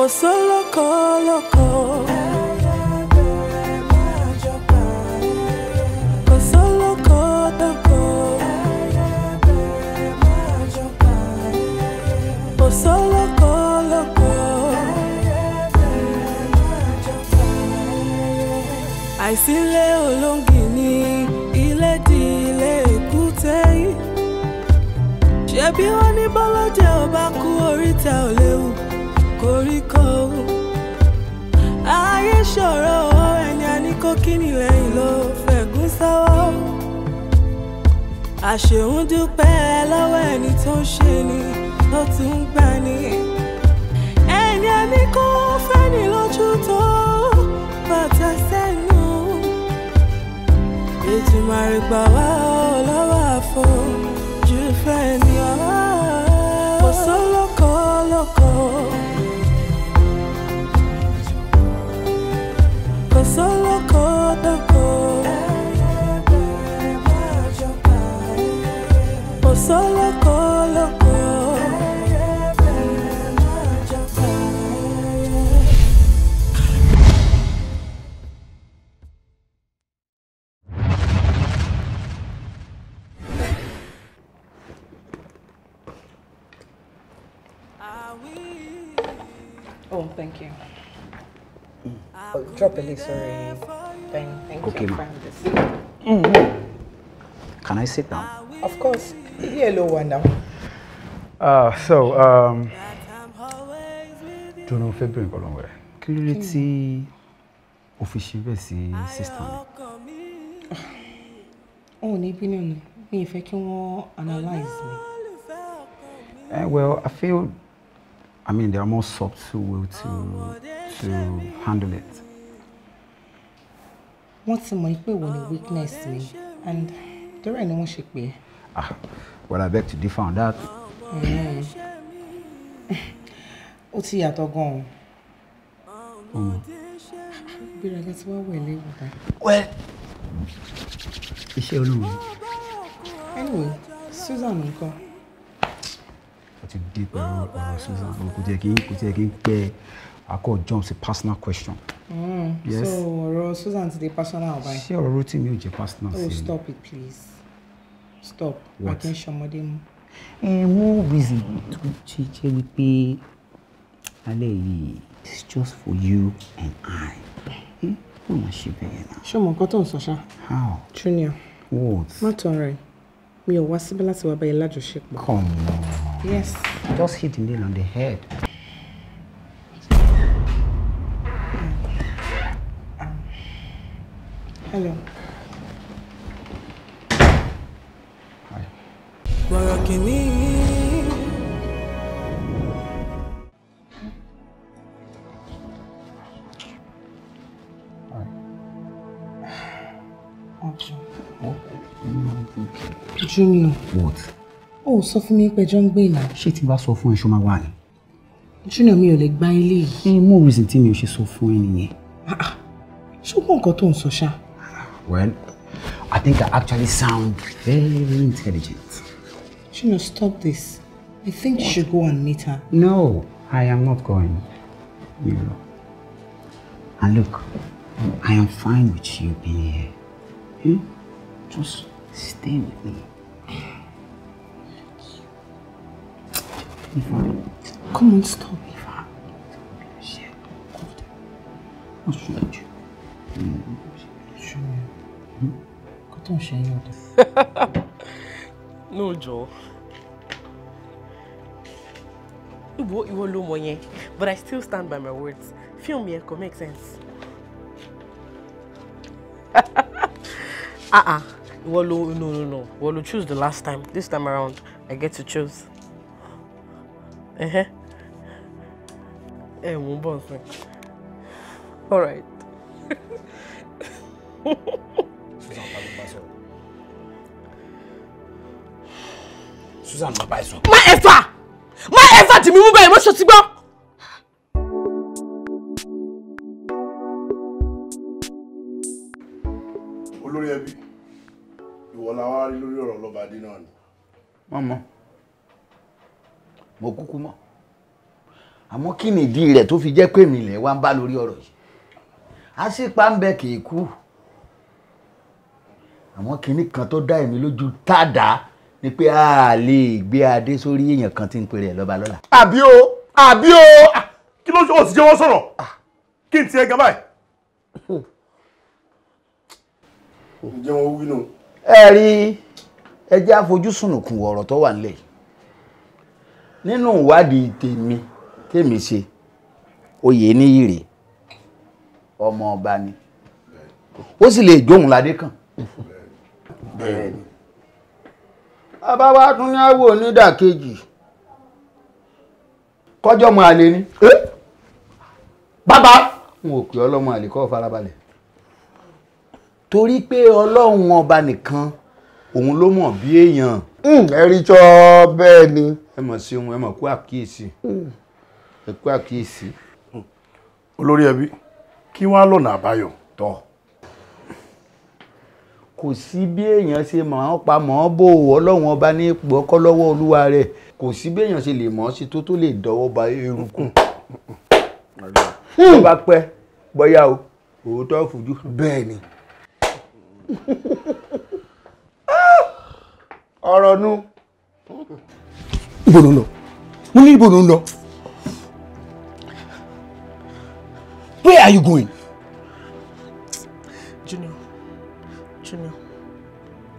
kò sólókò lóko. kò sólókò lóko. kò sólókò lóko. àìsílẹ̀ olóńgì ni ilé di ilé èkúté yìí ṣebí wọn ní bọ́lọ́jẹ́ ọba kú oríta ò léwu koríko ayé ṣòro ẹni àníkó kíni lẹ́yìn ló fẹ̀gún sọ́wọ́ àṣehùn dúpẹ́ lọ́wọ́ ẹni tó ń ṣe ni ló tún ń gbà ní ẹni ẹni kó fẹ́ni lójú tó bàtà sẹ́nu ìtumọ̀ àrègbà wà lọ́wọ́ àfọ jù fẹ́ ni ọ́ kò sólókòólókòó. Oh, thank you. Mm. Oh, drop a list, sorry. Thank, thank okay, you. mm-hmm. Can I sit down? Of course. Hello, now. Uh, so, um, Jono February nǹkan lọ́wọ́ rẹ̀. Kí ló dé tí o fi ṣe bẹ́ẹ̀ sí sísítà oh, analyze me. Eh, well, I feel I mean, there are more subtle way to, to handle it. What's the mọ̀ when ìwọ ni weakness mi and torí ẹ̀ ni wọ́n ṣe Ah, well, I beg to differ on that. What's ti yàtọ̀ gan-an. Ìgbéraga hmm. ti wá wẹ̀ Anyway, Susan nǹkan ó ti dé pẹ̀lú ọ̀rọ̀ Susan kò tiẹ̀ kí kò tiẹ̀ kí pẹ́ akọ jump sí personal question. Mm. Yes. so ọ̀rọ̀ Susan ti di personal ọba yìí. ṣé ọ̀rọ̀ Rotimi ò jẹ́ personal sí i. oh stop it please stop akin ṣọmọdé mu. ẹ wo reason tó ṣe jẹ́ wípé alẹ́ yìí it's just for you and I. Eh, kò mà ṣe bẹ́ẹ̀ náà. ṣé ọmọ nǹkan tó ń sọ ṣá. how. junior. what. má tọrọ ẹ̀ mi ò wá síbí láti wá báyìí come on yes. just hit the nail on the head. hello. Hi. ojú mi o. what. o ò sọ fún mi pé ẹjọ́ ń gbé ìlà. ṣé tí bá sọ fún ẹ ṣó máa wà ní. junior mi ò lè gba ilé yìí. ẹ mú reason tí mi ò ṣe sọ fún ẹ nìyẹn. Ah, ah. ṣùgbọ́n nǹkan tó ń sọ ṣá. well I think I actually sound very intelligent. junior stop this I think you should go and meet her. no I am not going. You know. And look, I am fine with you being here. Hmm? Just stay with me. Eva, come on, stop, Eva. Shit, God. What should I What should I do? No, Joe. Iwo, ìwọ ló mọ̀ but I still stand by my words. Film yẹn kò make sense. Ah ah, ìwọ ló no no no. We'll choose the last time. This time around, I get to choose ẹ̀hẹ́ ẹ̀ mú bọ̀ sí all right. Susan má bá ẹ sọ. Má ẹ fà! my ẹ fà tì mí mú bẹ́ẹ̀ mọ́ṣọ́ ti gbọ́. Olórí ẹbí, ìwọ la wá rí lórí ọ̀rọ̀ kí nìdí rẹ̀ tó fi jẹ́ pé mi lẹ̀ wá ń bá lórí ọ̀rọ̀ yìí àṣìpá ń bẹ kìí kú àmọ́ kinní kan tó dá èmi lójú tàdá ni pé a lè gbé adé sórí èèyàn kan tí ń pèrè ẹ̀ lọ́ba lọ́la. àbí o àbí o ah, kí ló ṣe jẹ́ wọ́n sọ̀rọ̀ ah. kí n tiẹ̀ gan báyìí. ǹjẹ́ wọn wí nù. ẹ rí ẹjẹ́ àfojúsùn nìkún ọ̀rọ̀ tó wà nílẹ̀ nínú ìwádìí tèmi tèmi ṣe oyè níyì rè ọmọ ọba ni ó sì lè jóun ládé kàn bẹ́ẹ̀ ni abáwá tún ní àwò onídàkejì kọjọ́ mọ àlè ni bàbá n ò pè ọlọ́mọ àlè kọ́ farabalẹ̀ torí pé ọlọ́run ọba nìkan òun ló mọ̀ bí èèyàn. ẹ̀rí jọ bẹ́ẹ̀ ni. ẹ mọ̀ sí ohun ẹ mọ̀ kú àkíyèsí ẹ kú àkíyèsí. Hmm. olórí ẹbí kí wọ́n á lọ́nà àbáyọ. tọ́ kò sí bí èèyàn ṣe mọ̀ ọ́n pa mọ́ bò ọlọ́run ọba ní ipò ọkọ́ lọ́wọ́ olúwa rẹ̀ kò sí bí èèyàn ṣe lè mọ̀ ọ́n sí tó tó lè dọ́wọ́ ba eruku. Hmm. tó hmm. bá pẹ́ bóyá o òótọ́ fojú. bẹ́ẹ̀ ni ọ̀rọ̀ nu. ibo ló ń lọ mo ní ibo ló ń lọ. Where are you going? Junior, Junior,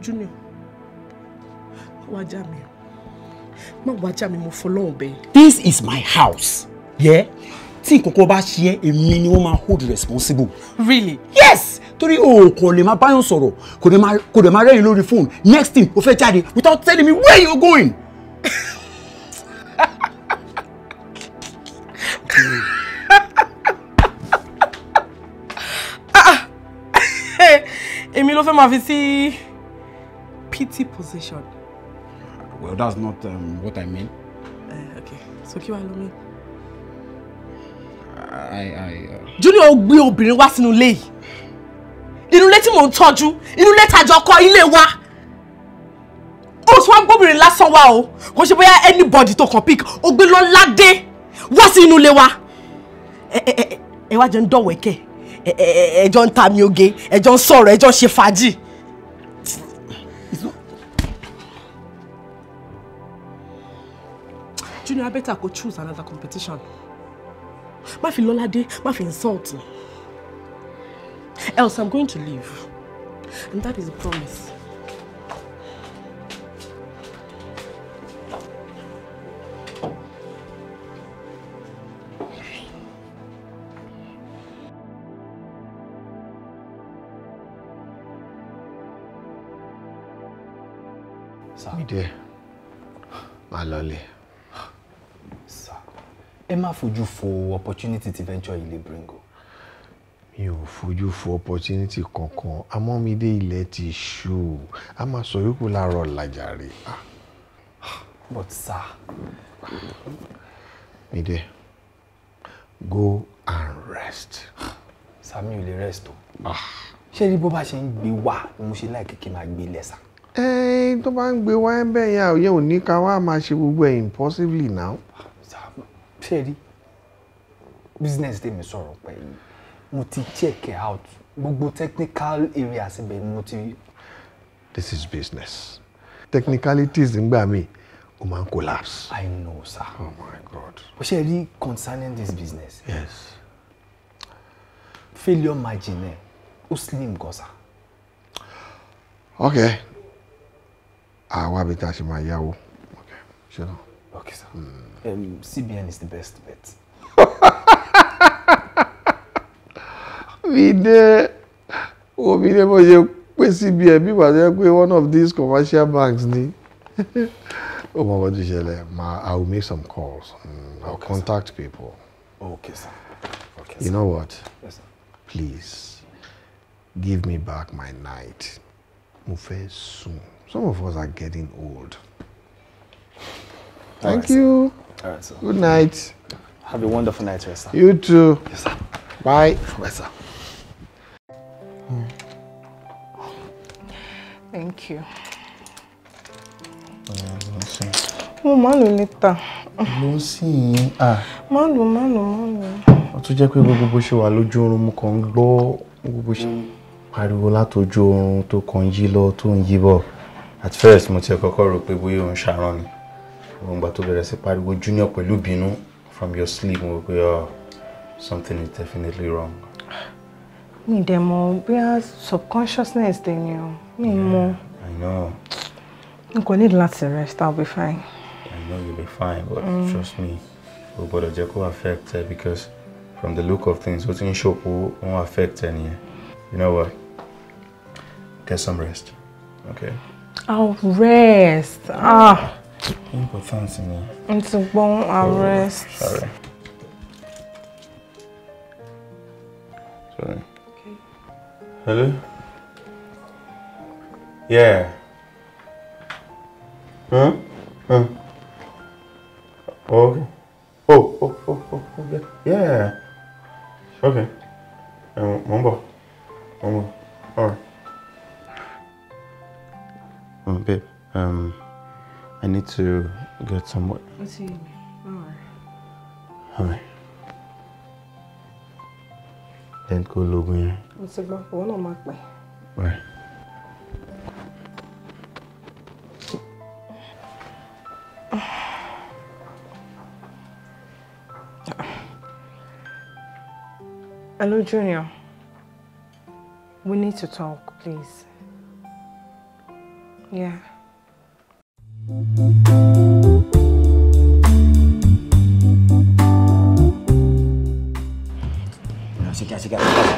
Junior, wájà mi, má wájà mi mo follow bẹ́ẹ̀. This is my house. Yeah? Tí nǹkankan bá ṣe ẹ́, èmi ni wọ́n máa hold responsible. Really? Yes! Torí òòkàn lè máa báyọ̀ sọ̀rọ̀, kò dẹ̀ máa rẹ́yìn lórí phone. Next thing, o fẹ́ jáde without telling me where you going. ló fẹ́ máa fi sí pity position. Well, that's not um, what I mean. Uh, okay, so kí wàá lo mean? I, I, uh... Junior ó gbé obìnrin wá sínú ilé yìí. Inú ilé tí mò ń tọ́jú, inú ilé tàjọ kọ́ ilé wa. Ó tún wá gbóbìnrin lásán wá o. Kò ṣe bóyá anybody tó kàn pick, ó gbé lọ́ládé wá sí inú ilé wa. Ẹ ẹ ẹ ẹ wá jẹun dọ̀wẹ́kẹ̀ ẹjọ́ ń ta mi oge ẹjọ́ ń sọ̀rọ̀ ẹjọ́ ń ṣe fàájì. Junior abeta go choose another competition má fi lọ́ládé má fi insult else I'm going to leave and that is a promise. má fojú fo opportunity ti venture yìí lè bring o. mi ò fojú fo opportunity kankan amọ́mídé ilẹ̀ ti ṣú a máa sọ yòókù láàárọ̀ làjà rè. Ah. but sir. Mide, go and rest. sir mi ò lè rest o. Ah. ṣé rí bó bá ṣe ń gbé wá ni mo ṣe láì kékeré máa gbé lẹ́sà ẹyin eh, tó bá ń gbé wá ẹbẹ yẹn àyẹ òní ká wá máa ṣe gbogbo ẹ impossibly now ṣe rí business tèmi sọ̀rọ̀ pẹ̀ yìí mo ti check out gbogbo technical areas ibẹ̀ ni mo ti. this is business technicalities ń gbà mí o máa ń collapse. i know sir. oh my god. o ṣe rí concerning this business. yes. failure margin ẹ ó slim gan sa. ok àwa bíi tá a ṣe máa yáwó ṣe náà. Okay, sir. Mm. Um, CBN is the best bet. Vide, omi ni mo ṣe pé CBN bí wàá jẹ́ pé one of these commercial banks ni. o mọ bọ́dún ìṣẹ̀lẹ̀ ma I will make some calls. Mm, I will okay, contact sir. people. Okay, sir. Okay, you know what? Yes, sir. Please, give me back my night. Mo soon. Some of us are getting old. Thank right, you. Sir. All right, sir. Good night. Have a wonderful night, sir. You too. Yes, sir. Bye. Bye, sir. Thank you. Mo máa lò níta. Mo sì yín à. Má lò, má lò, má lò. Ó tún jẹ́ gbogbo bó ṣe wà lójú oorun mo kàn gbogbo ṣe pariwo látojú oorun tó kàn ń yí lọ tó ń yí At first mo ti kọ́kọ́ rò pé bóyá òun ṣàrán ni wọn gba tó bẹ̀rẹ̀ sí pariwo junior pẹ̀lú ìbínú from your sleep mo wò pé oh, something is definitely wrong. mi dẹ̀ mọ̀ I subconsciousness dẹ̀ ni o mi mọ̀. I know. n kò need láti rest I'll be fine. I know you'll be fine but mm. trust me o gbọ́dọ̀ jẹ́ kó affect ẹ because from the look of things ó ti ń ṣòpó wọn affect ẹ nìyẹn you know what get some rest okay. I'll rest ah. important ni. n ti arrest. sorry. sorry. Okay. hello. yeah. Hmm? Hmm. okay. oh oh oh oh oh yeah. okay. mo ń bọ̀ mo alright. Um, oh, babe, um, I need to get somewhere. What's he? Alright. Alright. Then go look in. What's it about? One on my way. Right. Hello, Junior. We need to talk, please. Yeah.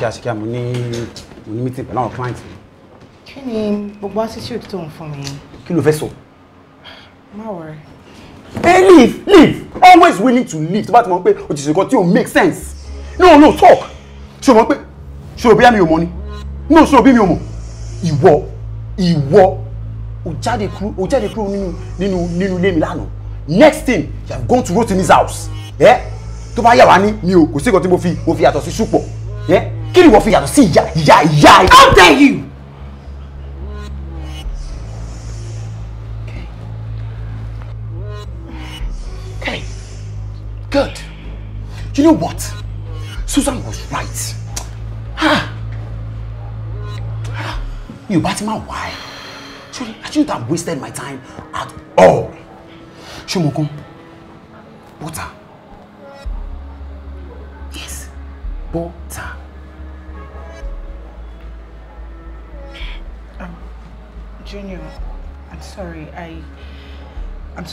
ṣíkíá ṣíkíá mo ní mo ní meeting pẹ̀lú àwọn client mi. kí ni gbogbo attitude tó ń fún mi. kí ló fẹ́ sọ. má wọrẹ. hey leave leave always willing to leave tó bá ti mọ̀ pé o ti ṣe nǹkan tí o make sense no no talk ṣe o mọ̀ pé ṣe o bí mi ò mọ̀ ni no ṣe o bí mi ò mọ̀ ìwọ ìwọ o jáde kúrò o jáde kúrò nínú nínú nínú ilé mi lánàá next thing you are going to Rotimi's house ẹ eh? tó bá yà wá ní mi ò kò sí nǹkan tí mo fi mo fi yàtọ̀ sí ṣùpọ̀ ẹ eh? kí ni ìwọ fi yàtọ̀ sí ìyá ìyá ìyá ẹ. how dare you. Okay. good. You know what? Susan was right. Mi ò bá ti máa wá ẹ̀. Actually, I shouldn't have wasted my time at all. Ṣé mo kún?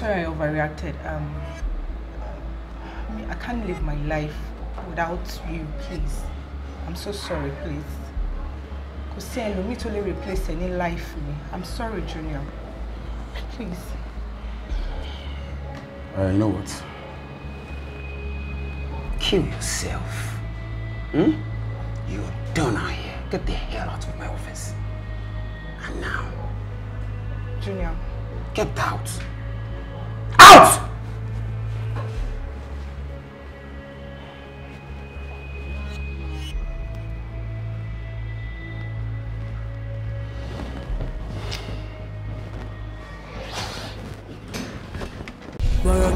sorry I overreacted. Um, I, mean, I can't live my life without you, please. I'm so sorry, please. Because you ẹlòmíì tó replace any life me. I'm sorry, Junior. Please. Uh, you know what? Kill yourself. Hmm? You're done out here. Get the hell out of my office. And now. Junior. Get out.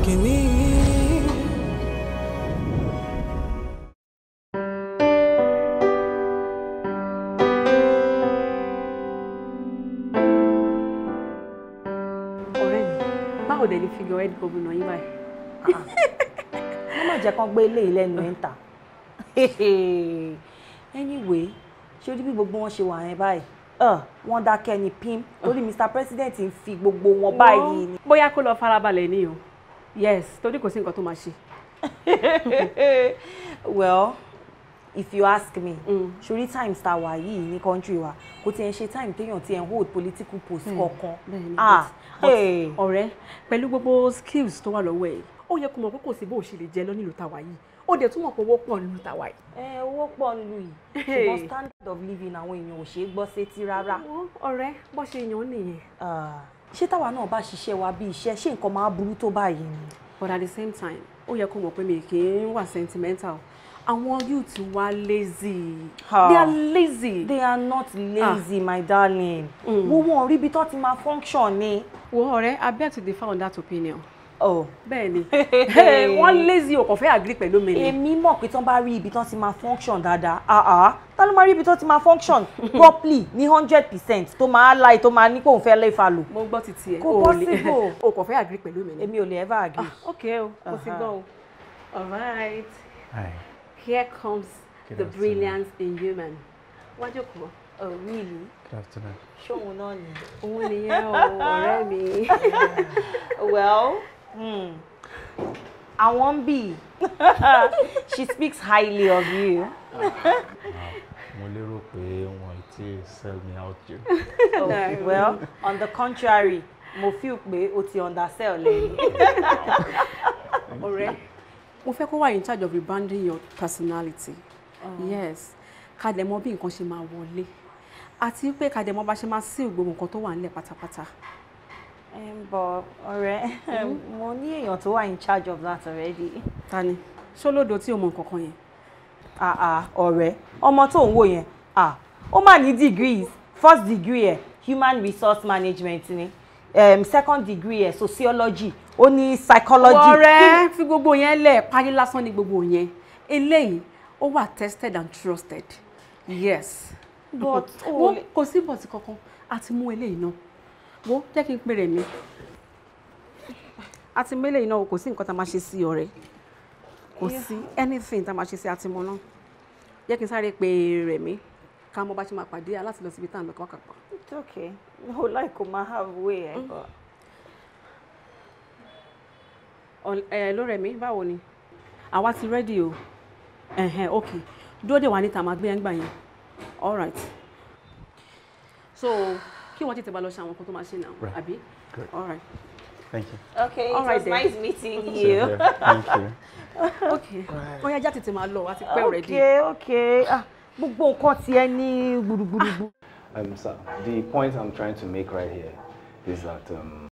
kìíní. ọ̀rẹ́ mi báwo dẹ̀ ni figure head gómìnà yín báyìí. wọ́n má jẹ́ kán gbé ilé ìlẹ́nu ẹ̀ ń anyway ṣé o rí bí gbogbo wọn ṣe wà yẹn báyìí wọ́n dákẹ́ ni pim torí Mr President ń fi gbogbo wọn báyìí. bóyá kó lọ farabalẹ̀ ni o yes torí kò sí nǹkan tó máa ṣe. well if you ask me surely mm. sori times ta wà yìí country wa kò tiẹ̀ ń ṣe time téèyàn tiẹ̀ ń hold political post mm. kankan ah ọ̀rẹ́ pẹ̀lú gbogbo skills tó wà lọ́wọ́ ẹ̀ ó yẹ kó mọ̀ pé kò sí bó o ṣe lè jẹ lọ nílùú tàwa yìí ó dẹ̀ tún mọ̀ pé owó pọ̀ nílùú tàwa yìí. ẹ owó pọ̀ nílùú yìí ṣùgbọ́n standard of living àwọn èèyàn ò ṣeé gbọ́ sétí rárá. ọ̀rẹ́ bó ṣe yan nìyẹn. Ah ṣé táwa náà bá ṣiṣẹ́ wa bí iṣẹ́ ṣé nǹkan máa burú tó báyìí ni. but at the same time ó yẹ kó mọ̀ pé mi kì í wà sentimental àwọn youth wa lazy they are lazy. they are not ah. lazy my darling. Mm. wọ́n wọ́n rí ibi tó ti máa function ni. wo ọ̀rẹ́ I beg to differ on that opinion. Oh. bẹ́ẹ̀ ni wọ́n lazy o kò fẹ́ agree pẹ̀lú mi ni. èmi mọ̀ pé tán bá rí ibi tán ti máa function dáadáa Ah, tán ló máa rí ibi tán ti máa function properly ní hundred percent tó máa láì tó máa ní kó òun fẹ́ lé fa lò. mo gbọ́ ti tiẹ̀ kò possible o kò fẹ́ agree pẹ̀lú mi ni. èmi ò lè ever agree. Ah, ok o kò sí gan o all right Hi. here comes Good the afternoon. brilliance in human wájú kù ọ wíìlì ṣóun náà ni òun nìyẹn o ọ̀rẹ́ mi well. Hmm. I won't be. she speaks highly of you. Ah, mo lérò sell me out jù. oh well on the contrary mo feel pé o ti undersell lẹ́yìn. ọ̀rẹ́ mo fẹ́ kó wà in charge of rebranding your personality. Oh. yes ká dẹ̀ mọ̀ bí nǹkan ṣe máa wọlé àti pé ká dẹ̀ mọ̀ bá ṣe máa sí ìgbóhùn nǹkan tó wà nílẹ̀ pátápátá bọ̀ ọ̀rẹ́ mm-hmm. mo ní èèyàn tó wà in charge of that already. ta ni ṣólódò tí o mọ nǹkan kan yẹn. Ah, ah, ọ̀rẹ́ ọmọ tó ń wò yẹn ah, ó mà ní degrees first degree human resource management ni um, second degree sociology ó ní psychology. ọ̀rẹ́ fi gbogbo yẹn lẹ̀ parí lásán ni gbogbo yẹn eléyìí ó wà tested and trusted yes but kò sí bọ̀tì kankan àti mú eléyìí náà wo jẹ́ kí n pèrè mi àti mélé iná o kò sí nǹkan tá a máa ṣe sí ọ̀rẹ́ kò sí anything tá a máa ṣe sí àtìmọ́ náà jẹ́ kí n sáré pe rẹ̀ mí ká mọ bá ṣe máa pàdé aláti lọ síbi tá à ń lọ kọ́ kàpọ̀. it's okay no like o ma have way eh, mm. ẹ bọ. lórẹ̀ mi báwo ni àwa ti rẹ́dì o ok dúró dè wá níta máa gbé ẹ̀ ń gbà yẹn all right so kí wọ́n tètè bá lọ ṣe àwọn nǹkan tó máa ṣe náà àbí. all right. Thank you. Okay, it All right was then. nice meeting you. thank you. okay. Ó yá, já tètè máa lọ, a ti pẹ́ already. Okay, okay. Ah, gbogbo nǹkan ti ẹ ní gbùrùgbùrù. Um, sir, the point I'm trying to make right here is that um,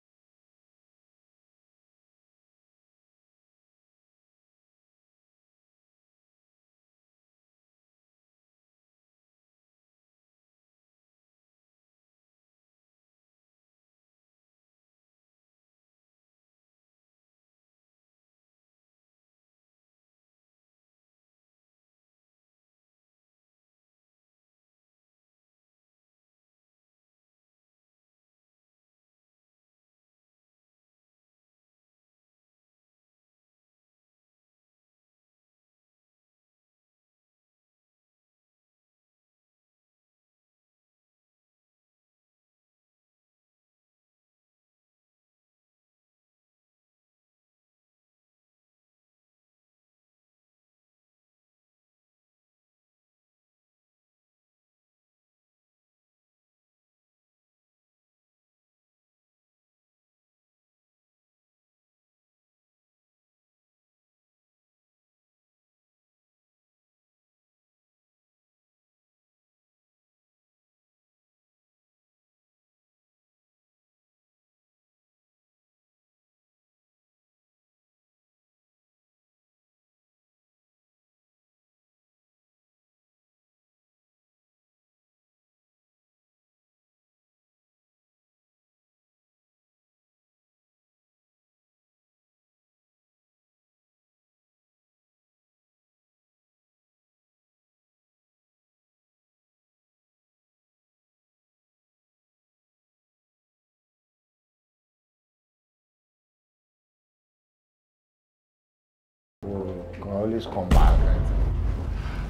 no les combaten.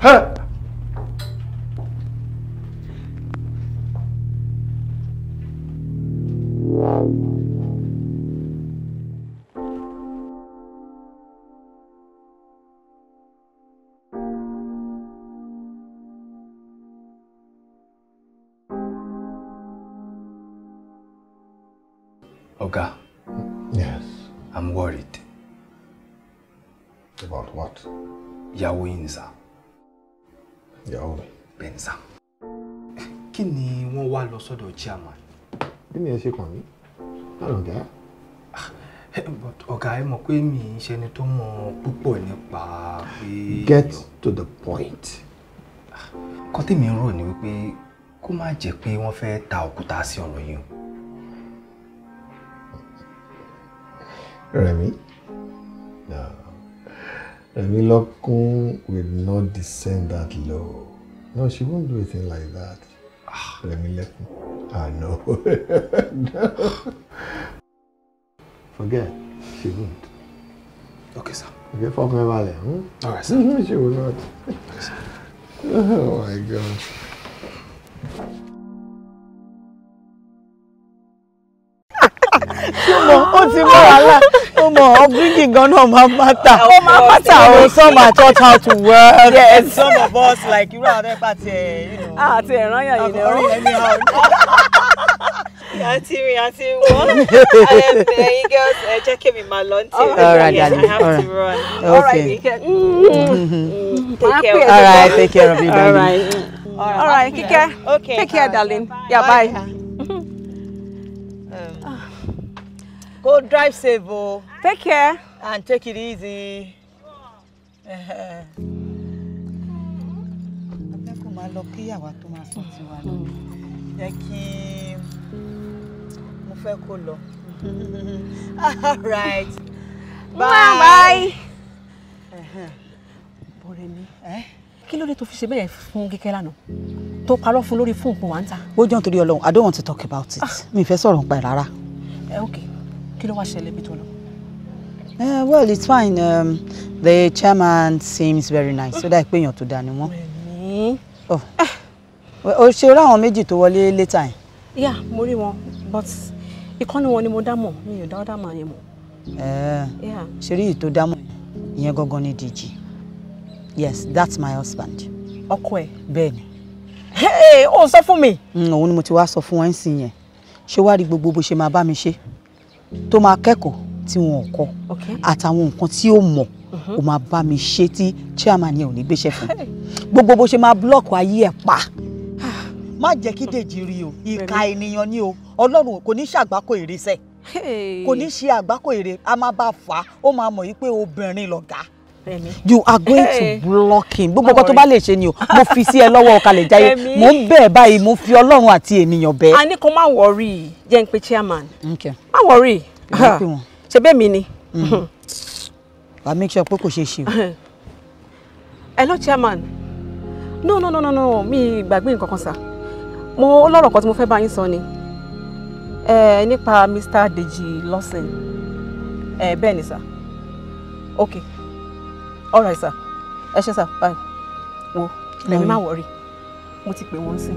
Hã? ìyàwó mi. Benza kí ni wọ́n wá lọ sọ́dọ̀ chairman. bí ni ẹ ṣe kàn mí ọ̀gá. ọ̀gá ẹ mọ̀ pé mi ń ṣẹni tó mọ púpọ̀ nípa pé. get to the point. kan tí mi ń rò ní wípé kó má jẹ́ pé wọ́n fẹ́ ta òkúta sí ọ̀rọ̀ yìí Rẹ̀mí. Remilokun will not descend that low. No, she won't do a thing like that. Ah, Remilokun. Ah, no. no. Forget. She won't. Okay, sir. Okay, for my valley. Hmm? All right, sir. she will not. Okay, sir. Oh, my God. ṣé mo ó ti mọ wàhálà mọ̀ upbringing gan náà máa matter. ó máa matter o. some are taught how to work. yes some of us like irú àwọn ẹgbẹ́ àti ẹ̀. àti ẹ̀ràn yàn yìí ni ó. àǹtí mi àǹtí wọn ẹ̀yin girls ẹ jẹ́ kí mi máa lọ ní tèmi. all right darling to run. okay. take care all right take care of you darling. all right kíkẹ́ take care darling yeah bye. Go oh, drive safe, oh. Take care. And take it easy. Abẹ́kùn máa lọ kí àwa tó máa sọ tiwa lọ. Jẹ́ kí mo fẹ́ kó lọ. All right. Bye. Bye. Bọ̀rẹ̀ mi. Kí ló dé tó fi ṣe bẹ́ẹ̀ fún kíkẹ́ I don't want to talk about it. Mi ì fẹ́ sọ̀rọ̀ nípa ẹ̀ kí ló wá ṣẹlẹ̀ bí eh, well it's fine um, the chairman seems very nice so dáa pé èèyàn tó dáa ni wọ́n. Oh. Eh, o ṣe rá àwọn méjì to wọlé later yẹn. yeah mo but ìkànnì wọn ni mo dá mọ̀ mi ò dá ọ̀dà màá yẹn mọ̀. Eh, ṣe rí ìtò dá mọ̀ ìyẹn yes that's my husband. Okwe Ben. Hey, oh, sọ fún mi. Hmm, òun ni mo ti wá sọ fún wọn ń sìn yẹn ṣé wàá rí gbogbo bó ṣe mi ṣe tó máa kẹ́kọ̀ọ́ tí wọn ò kọ́ àtàwọn nǹkan tí ó mọ̀ mhm. ó máa bá mi ṣe tí chairman yẹn ò ní gbéṣẹ́ fún gbogbo bó ṣe máa búlọ́ọ̀kì ayé ẹ̀ pa ah. má jẹ́ kí dèjì rí o ìka ènìyàn ni o ọlọ́run kò ní ṣàgbákò ìrẹsẹ̀ kò ní ṣe àgbákò èrè a máa bá fà á ó máa mọ̀ yí pé obìnrin lọ̀gá you are going to block him gbogbo ọkọ tó bá lè ṣe ni o mo fi sí ẹ lọ́wọ́ ọ̀ka lè jáyé mo ń bẹ̀ báyìí mo fi ọlọ́run àti ènìyàn bẹ́ẹ̀. a ní kó má wọrí jẹ́ ń pe chairman má wọrí ṣe bẹ́ẹ̀ mi ni. Hmm. wàá make sure pé kò ṣeé ṣe o. hello chairman no no no no no mi gbàgbé nǹkan kan sà mo lọ́rọ̀ kan tí mo fẹ́ bá yín sọ ni eh, nípa Mr. Deji Lawson eh, bẹ́ẹ̀ ni sà okay all right sir ẹ ṣe sir bye wo lẹ́yìn má wọ̀rí mo ti pè wọ́n sí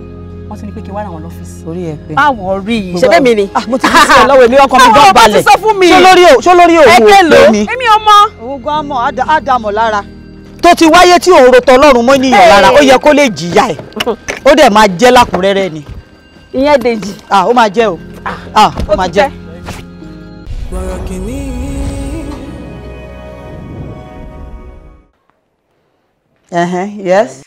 wọ́n ti ní pé kí n wá ra wọn lọ́fíìsì. orí ẹ pé má wọ̀rí ṣe bẹ́ẹ̀ mi ni. Ah, mo ti fi sílẹ̀ lọ́wọ́ èmi ọkọ mi gan balẹ̀ ṣó lórí òwò pé mi. èmi ọmọ. òun gan mọ̀ á dà mọ̀ lára. tó ti wáyé tí òun rotọ ọlọ́run mọ́ níyàn lára ó yẹ kó lè jìyà ẹ̀ ó dẹ̀ máa jẹ́ lákùnrẹ́rẹ́ ni. ìyẹn dèjì. Ah, ó máa jẹ́ o ah, ó máa jẹ́. gbọ̀rọ̀ kìíní Uh huh. yes.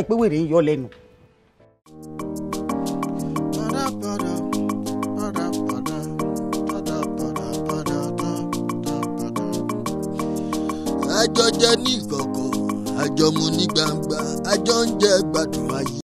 ẹ̀ pé wèrè ń yọ lẹ́nu. àjọ jẹ ní ìkọ̀kọ̀ àjọ mu ní gbangba àjọ ń jẹ gbádùn ayé.